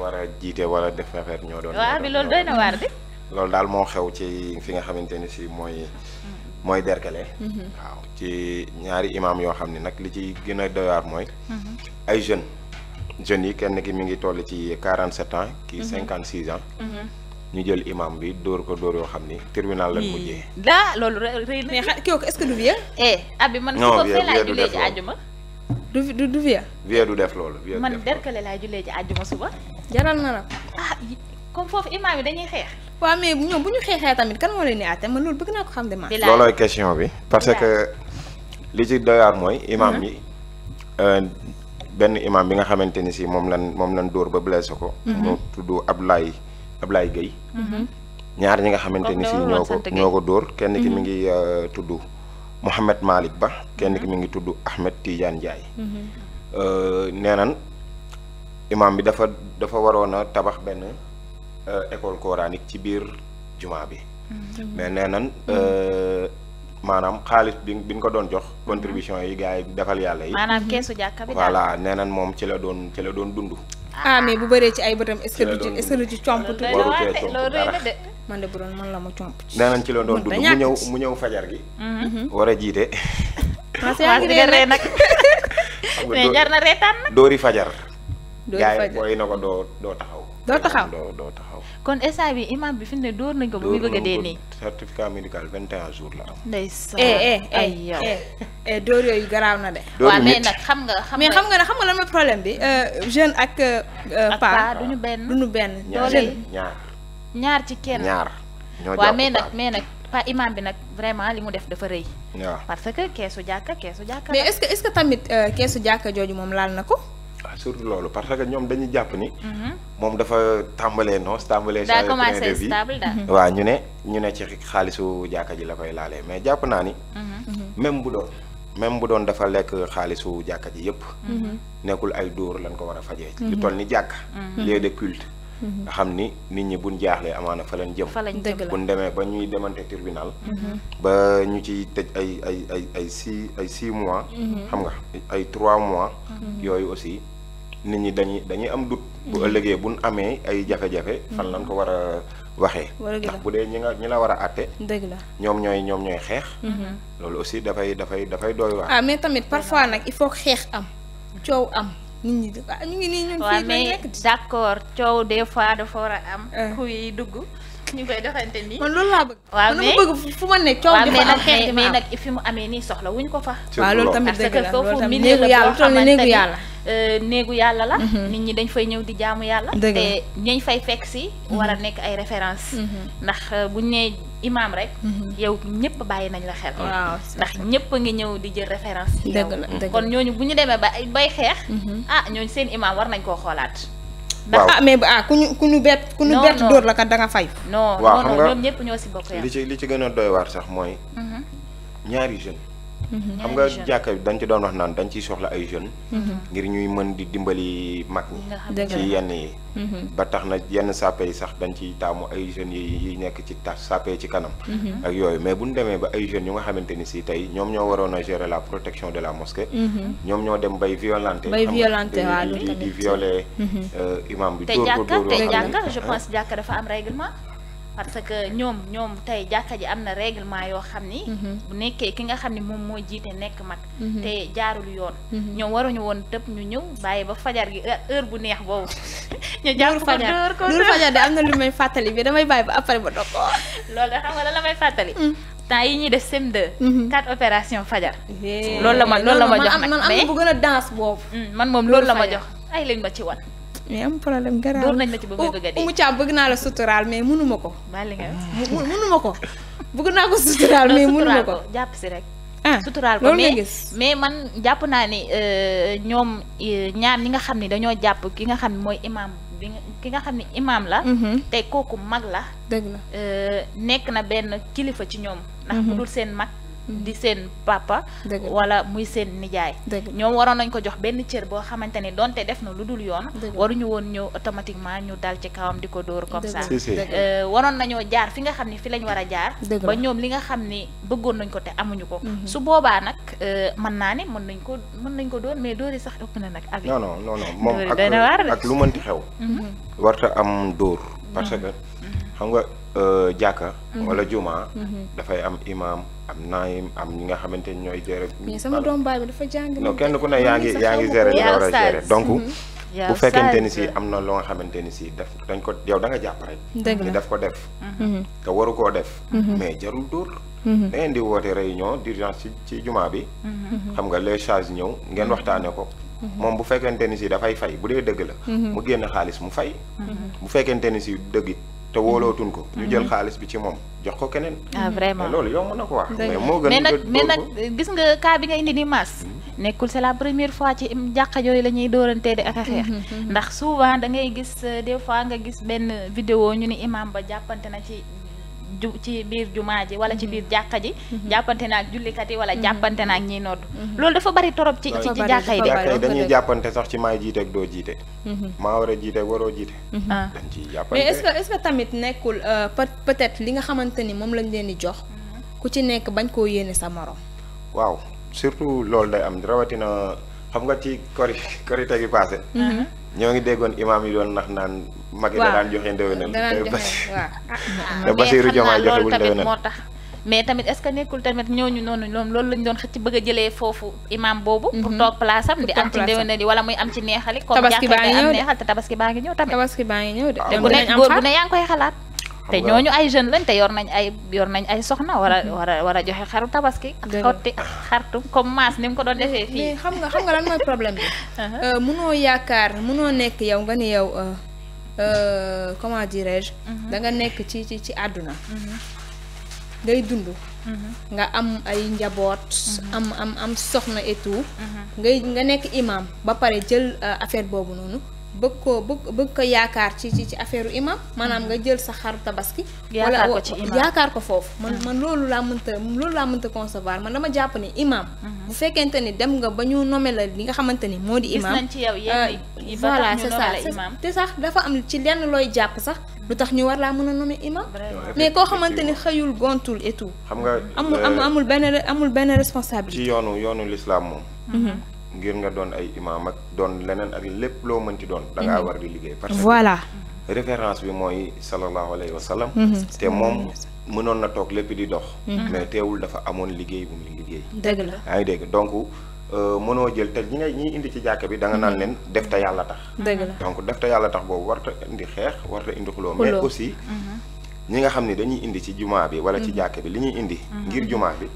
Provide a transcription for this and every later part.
wara a wara wala def affaire ñoo doon. waaw bi loolu doy na waar de. loolu daal xew ci fi nga xamante ni si mooy. mooy derkale mhm. ci ñaari imaam yoo xam ne li ci gën mhm. ay yi kenn ki mi ngi toll ci ans. Mhm. ans. ñu jël imam bi dóor ko dóor yoo xam tribunal lañ mujjee. daa loolu est-ce que du vieux. eh abi man. ko fee laay jullee ci àjjuma. du du du vieux. vieux du def loolu. vieux man ci suba. jaral na la ah comme foofu imaam yi dañuy xeex. waaw mais ñoom bu ñu xeexee tamit kan moo leen di àtte man loolu bëgg naa ko xam de loolooy question bi parce que li ci doy mooy. imaam mhm. yi euh, benn imaam bi nga xamante ni si moom lan moom lan dóor ba blessé ko. Mhm. mu tudd Ablaye Ablaye Gueye. Mhm. ñaar ñi nga xamante ni si ñoo ko ñoo ko dóor kenn ki mi ngi euh, tudd Mouhamed Malick Ba kenn ki mi ngi tudd Ahmed Tidiane Ndiaye. Euh, nee nan imam bi dafa dafa warona tabax ben euh école coranique ci bir juma bi. Mm-hmm. mais nenañ mm-hmm. euh manam xaalis bi bi ko don jox. Mm-hmm. contribution yi gaay defal yalla yi. manam kessu jakka bi voilà nenañ mom ci la don ci la don dundu ah, ah mais bu beure ci ay bëtam est ce que est ce que du ci compte. waru cee compte dara man de buron man la ma compte. ci nenañ ci la don dundu mu ñew mu ñew fajar gi. hmm wara jité ma sey ngi nag. nak jar na reetaan nag. doori fajar. doo faj gars yi na ko doo doo taxaw. doo taxaw doo taxaw. kon instant bi imam bi fi mu ne dóor nañ ko bu muy bëgg a dee nii. certificat médical 21 jours la am. ndeysaan eh, eh, eh, ay yow eh dóor yooyu garaaw na de. dóor mais nag xam nga. xam nga mais xam nga ne xam nga lan mooy problème bi euh, jeune ak. Euh, euh, pa duñu benn duñu benn. jeune ñaar ñaar ci kenn. ñaar ñoo jàpp mais nag mais nag. pa imam bi nag vraiment li mu def dafa rëy. parce que keesu jàkka keesu jàkka. mais est-ce que est-ce que tamit keesu jàkka jooju moom laal na ko. Ah, surtout loolu parce que ñoom dañu jàpp ni. Mhm. moom dafa tàmbalee noos tàmbalee. daa commencé stable daal mhm. waaw ñu ne ñu ne ci xaalisu jàkka ji la koy laalee mais jàpp naa ni. Mhm. même bu doon même bu doon dafa lekk xaalisu jàkka ji yëpp. nekkul ay dóor lañ ko war a fajee. lu toll ni jàkka. lieu de culte. Mm-hmm. xamni ni nit ñi buñ jaaxlee amana fa lañ jëm buñ démé ba ñuy démanté tribunal mm-hmm. ba ñu ci tej ay ay ay ay 6 ay 6 mois mm-hmm. xam nga ay 3 mois yooyu aussi nit ñi dañuy dañuy am dut bu ëllëgé buñ amé ay jafé jafé fan lañ ko wara waxé ndax bu dé ñi nga ñi la wara atté àtte la ñom ñoy ñom ñoy xeex loolu aussi fay da fay doy wax ah mais tamit parfois nak il faut am ciow am nit ah, ñu ngi nii ñun fii mais d'accord coow des de dafa war a am. Eh. kuy dugg. ñu koy doxante nii. man loolu laa bëgg. waaw mais bëgg fu ma ne coow di fa am xeet mais nag fi mu amee nii soxla wuñ ko fa. waaw loolu tamit dëgg la loolu tamit néegu yàlla toll néegu yàlla. Euh, néegu yàlla la. Mm-hmm. nit ñi dañ fay ñëw di jaamu yàlla. te ñañ fay fekk si. war mm-hmm. nekk ay référence mm-hmm. ndax euh, buñ nee imaam rek. yow ñëpp bàyyi nañ la xel. ndax ñëpp a ngi ñëw di jël référence. dëgg la kon ñooñu bu ñu demee ba bay xeex. ah ñooñ seen imaam war nañ koo xoolaat. waaw ndax ah mais ah ku ñu ku ñu bett. ku ñu bett dóor la kat da fay. non non ñoom ñëpp ñoo si bokk li ci li ci gën a doy waar sax mooy. ñaari jeune Mm-hmm. xam nga jàkka dañ ci doon wax naan dañ ciy soxla ay jeunes. Mm-hmm. ngir ñuy mën di dimbali mag ñi. ci yenn yi. Mm-hmm. ba tax na yenn sape yi sax dañ ciy taamu ay jeunes yi nekk ci ta sape ci kanam. ak yooyu mais bu ñu demee ba ay jeunes yu nga xamante ni si tey ñoom ñoo waroon a gérer la protection de la mosquée. ñoom ñoo dem bay violenté. bay violenté waaw di di euh, imam bi. dóor ko dóor te jàkka jàkka dafa am règlement. parce que ñoom ñoom tey jàkka ji am na règlement yoo xam ni. Mhm. bu nekkee ki nga xam ni moom moo jiite nekk mag. Mhm. te jaarul yoon. Mhm. ñoom waruñu woon tëb ñu ñëw bàyyi ba fajar gi euh, heure bu neex boobu. ñu jàpp ko ko fajar de am na lu may fàttali bi damay bàyyi ba après ba dog ko. loolu de xam nga la la may fàttali. Mm. temps yi ñuy def CM2. quatre opération fajar. loolu la ma loolu la ma jox nag man am gën a danse boobu. Mm, man moom loolu la ma jox ay lañu ma ci wan. mais am problème garaaw door ci oh, a dee mu caam bëgg naa la suturaal mais ko. bàyyi nga ma ko bëgg naa ko suturaal ko jàpp si rek. ah suturaal ko mais mais man jàpp naa ni euh, ñoom euh, ñaar ñi nga xam ni dañoo jàpp ki nga xam ne mooy imaam bi ki nga xam ne imaam la. Mm-hmm. tey kooku mag la. dëgg la euh, nekk na benn kilifa ci ñoom. ndax mu mm-hmm. seen mag. di seen papa. wala muy seen nijaay. ñoom waroon nañ ko jox benn cër boo xamante ne donte def na lu dul yoon. waruñu woon ñëw automatiquement ñu dal ci kawam di ko dóor comme ça. Euh, waroon nañoo jaar fi nga xam ne fi lañ war a jaar. ba ñoom li nga xam ni bëggoon nañ ko te amuñu ko. Mhm. su boobaa nag euh, mën naa ne mën nañ ko mën nañ ko dóor mais dóor sax ëpp na nag. non non non moom ak lu mënti xew. Mhm. warta am dóor mhm. parce que xam nga. Euh, jàkka mhm. wala jumaa mhm. dafay am imaam am naayim am ñi nga xamante ni ñooy gérer. mais sama doom baay bi dafa jàng. non kenn ku ne yaa ngi yaa ngi gérer li war a gérer donc. Mhm. bu fekkente ni si am na loo xamante ni si daf dañ ko yow danga nga jàpp rek. daf ko def. te waru koo def. mais jarul dóor. da di woote réunion d'urgence ci ci jumaa bi. xam nga les charges ñëw ngeen waxtaane ko. moom bu fekkente ni si dafay fay bu dee dëgg la. mu génn xaalis mu fay. bu fekkente ni si dëgg. te mhm. wóolootuñ ko. ñu jël mhm. xaalis bi ci moom jox ko keneen. ah vraiment lool yomb na ko wax. mais moo gën mais nag mais nag gis nga cas bi nga indi ni masse. Mhm. nekkul c'est la première fois ci jàkka yooyu lañuy doorantee dóorantee ak a xeex. ndax souvent da ngay gis euh, des fois nga gis benn vidéo ñu ni imam ba jàppante na ci. ju ci biir jumaa ji wala ci biir mhm. jàkka ji mhm. jàppante naa jullikat yi wala mhm. jàppante naag ñiy nodd loolu dafa bari torop ci ci jàkka yi jàkka yi dañuy jàppante sax ci maay jiite ak doo jiite maa war a jiite ak waroo jiite ah. dañ ciy jàppante mais est-ce tamit nekkul euh, peut-être li nga xamante ni moom lañ leen di jox ku ci nekk bañ koo yéene sa morom waaw surtout loolu day am rawatina xam nga ci kori korite gi passé ah. ñoo ngi déggoon imaam yi doon nax naan. waaw mag yi daan joxe ndéwénal. daan joxe waaw ah, ah. moo tax. mais tamit est-ce que nekkul tamit ñooñu noonu ñoom loolu lañ doon xëcc bëgg a jëlee foofu imam boobu. Mhm. pour toog place am di am ci ndéwénal yi wala muy am ci neexali. tabaski baa ngi ñëw tamit. tabaski baa ngi ñëw de. te bu ne góor bu ne yaa ngi koy xalaat te ñooñu ay jeune lañ te yor nañ ay yor nañ ay soxna war mm-hmm. a war a a joxe xaru tabaski xotti xartum comme ni mu ko doon defee fii xam nga xam nga lan mooy problème uh-huh. euh, yaakaar munoo nekk yow nga ni yow euh, euh, comment dirais-je mm-hmm. da nekk ci ci ci àdduna mm-hmm. ngay dund nga am ay njaboot am am am soxna et ngay nga nekk imam ba pare jël affaire boobu noonu bëgg ko bëgg bëgg ko yaakaar ci ci ci affaire imam maanaam nga jël sa xaru tabaski. yaakaar ko ci yaakaar ko foofu. man hmm. man loolu laa mënta loolu laa mënta concevoir man dama jàpp ni imam. Hmm. bu fekkente ni dem nga ba ñu nommé la li nga xamante ni moo di. imam ci yow yéen euh, yi ba tax ñu nommé te sax dafa am ci lenn looy jàpp sax. lu tax ñu war laa mën a nommer imam mais koo xamante ni xëyul gontul et xam nga euh, amul amul benn amul benn responsabilité. ci yoonu yoonu l'islam moom. Mhm. ngir nga don ay imam ak don lenen ak lepp lo meun ci don da nga mhm. war di liggéey parce que voilà référence bi moy sallalahu alayhi wasallam mhm. té mom meunon na tok lepp di dox mhm. mais téwul dafa amone liggéey bu muy liggéey deug la ay deug donc euh meuno jël té ñi ngay ñiy indi ci jakk bi da nga nan len def ta yalla tax deug la donc def ta yalla tax bobu war ta indi xex war ta indi xuloo mais aussi ñi nga xamni dañuy indi ci juma bi wala ci jakk bi li ñuy indi ngir juma bi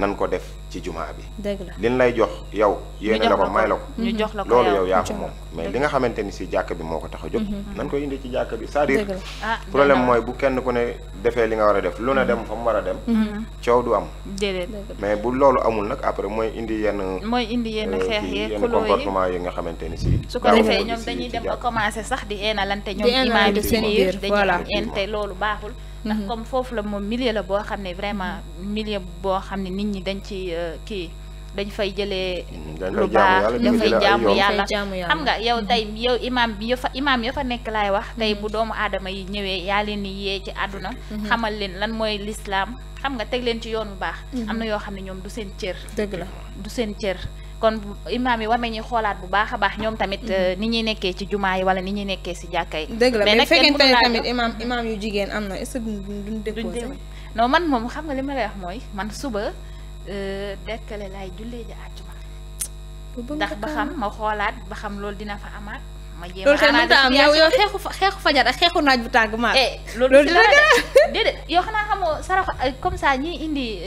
nan ko def ci jumaa bi. dëgg la liñ lay jox yow. yéene la ko may la ko. Mm-hmm. ñu jox la ko loolu yow yaa ko moom. mais li nga xamante ni si jàkk bi moo ko tax a jóg. Mm-hmm. nañ ko indi ci jàkk bi c'est-à-dire. Ah, problème mooy bu kenn ku ne defee li nga war a def lu na dem mu war a dem. Mm-hmm. coow du am. déedéet mais bu loolu amul nag après mooy indi yenn. mooy indi yenn euh, xeex yeeg yenn comportement yi nga xamante ni si. su ko dañuy dem ba commencé sax di eenalante ñoom. di seen biir voilà imaam yi loolu baaxul. ndax mhm. comme foofu la moom millier la boo xam ne vraiment mhm. milieu boo xam ne nit ñi dañ ci euh, kii dañ fay jëlee lu baax dafay jaamu yàlla xam nga yow mhm. tey yow imaam bi ya fa imaam ya fa nekk laay wax tey bu doomu aadama yi ñëwee yaa leen ni yee ci àdduna xamal leen lan mooy lislaam xam nga teg leen ci yoon bu baax am na yoo xam ne ñoom du seen cër dëgg la du seen cër kon imaam yi war nañuy xoolaat bu baax a baax ñoom tamit mhm. euh, ni ñuy nekkee ci jumaa yi wala ni ñuy nekkee si jàkka yi. dëgg la mais fekkente ne tamit imaam imaam yu jigéen am na est du que duñ déposé non man moom xam nga li ma lay wax mooy man suba euh, dekkale laay jullee ji àjjuma ndax ba xam ma xoolaat ba xam loolu dina fa amaat ma jéem loolu kay mënut a fajar ak xeexu naaj bu tàng ma. Eh, loolu dina la déedéet yow xanaa xamoo sarax comme eh, ça ñi indi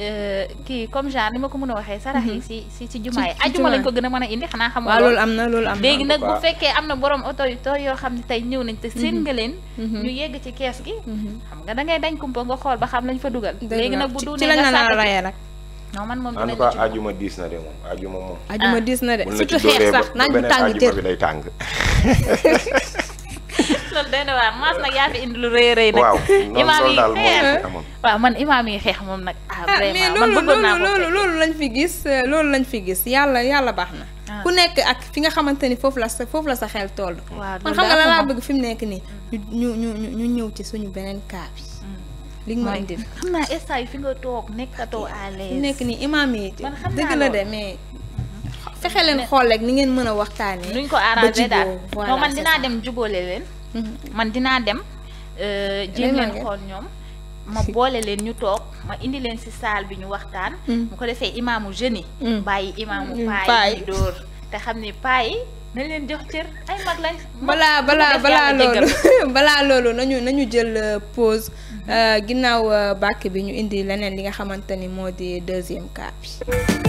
kii comme genre ni si si si jumaa yi. ajuma lañ ko gën a mën a indi xanaa xamoo. waaw loolu am na loolu borom oto yu toor yoo xam ne tey ñëw nañ te seen nga leen. ñu yegg ci kees gi. xam nga da ngay dañ kumpa nga xool ba xam lañ fa dugal. léegi nag bu duunee nga sànq non man moom dinañ la ci ajuma ah. diis na de moom ajuma moom. ajuma diis na de surtout xeex sax naaj bu tàng loolu doy na waar maas nag yaa fi indi lu rëy a nag. imaam yi xeex man imaam yi xeex moom nag. ah, ah vraiment man bëggoon naa ko loolu loolu lañ fi gis euh, loolu lañ fi gis yàlla yàlla baax na. Ah. ku nekk ak fi nga xamante ni foofu la sa foofu la sa xel toll. man xam nga la bëgg fi mu nekk nii. Mm. ñu ñu ñu ñu ñëw ci suñu beneen cas bi. Mm. li nga xam naa instant yi fi nga toog nekkatoo à l'aise nekk ni imaam yi. dëgg la de mais fexe leen xool rek ni ngeen mën a waxtaan waxtaanee. nuñ ko arrangé daal voilà mhm. man dinaa dem jubóole euh, leen. man dinaa dem. jéem leen xool ñoom. ma boole leen ñu toog ma indi leen ci saal bi ñu waxtaan. bu mm. ko defee imaamu jeunes yi. Mm. bàyyi imaamu mm, paa yi dóor te xam ne paa yi leen jox cër ay mag lañ. balaa balaa balaa balaa loolu nañu nañu jël euh, pause. Mhm. Euh, ginnaaw bàkk bi ñu indi leneen li nga xamante ni moo di deuxième cas bi.